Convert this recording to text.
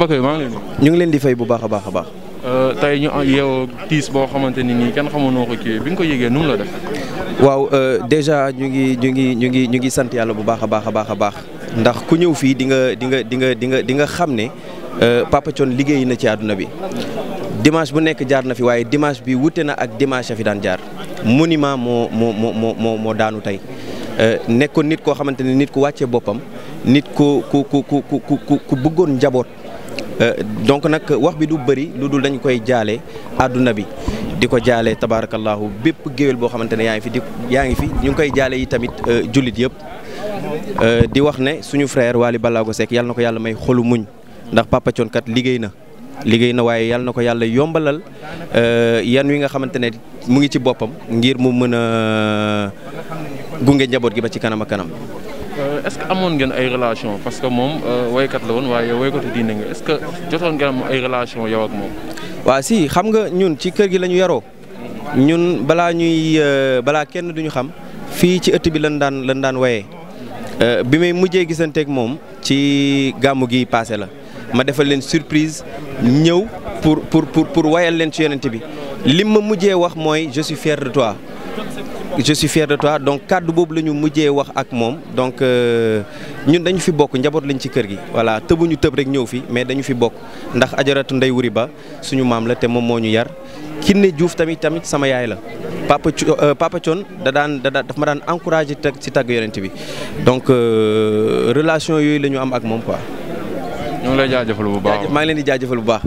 Bakary maa ngi leen ñu ngi leen di fay bu baax a baax a baax. Euh, tey ñu yeewoo tiis boo xamante ni nii kenn xamoonoo ko kii bi nga ko yëgee nu mu la def. waaw euh, déjà ñu ngi ñu ngi ñu ngi ñu ngi sant yàlla bu baax a baax a baax a baax ndax ku ñëw fii di nga di nga di nga di nga di nga xam ne euh, Papa Thione liggéey na ci àdduna bi. dimanche bu nekk jaar na fi waaye dimanche bi wute na ak dimanche fi daan jaar moniment moo moo moo moo moo daanu tey nekkoon nit koo xamante ne nit ku wàccee boppam nit ku ku ku ku ku ku bëggoon njaboot. Euh, donc nag wax bi du bëri lu dul dañu koy jaale àdduna bi di ko jaale tabaarakallaahu bépp géwél boo xamante ne yaa ngi fi di yaa ngi fi ñu ngi koy jaale yi tamit euh, jullit yëpp euh, di wax ne suñu frère Wally Ballago Seck yàlla na ko yàlla may xolu muñ ndax Papa liggéey na liggéey na waaye yàlla na ko yàlla yombalal yan wi nga xamante ne mu ngi ci boppam ngir mu mën a gunge njaboot gi ba ci kanam kanam Euh, est-ce que amoon ngeen ay relation parce que moom euh, woykat la woon waaye woykatu diine nga est-ce que jotoon ngeen am ay relation yow ak moom. waaw si xam nga ñun ci kër gi la ñu yaroo ñun balaa ñuy euh, balaa kenn duñu xam fii ci ëtt bi lan daan lan daan woyee bi may mujjee gisanteeg moom ci gàmmu gi paase la ma defal leen surprise ñëw pour pour pour pour wayal leen ci yonent bi. je suis fier de toi je suis fier de toi donc kàddu boubles la ñu wax ak donc euh, ñun dañu fi bokk njaboot lañ ci voilà tëbuñu nous rek fi mais dañu fi bokk ndax ajaratu ndey wuri ba suñu te mom yar Kiné tamit tamit sama yaay papa euh, papa Thion daan da ma encouragé ci donc euh, relation yooyu le am quoi.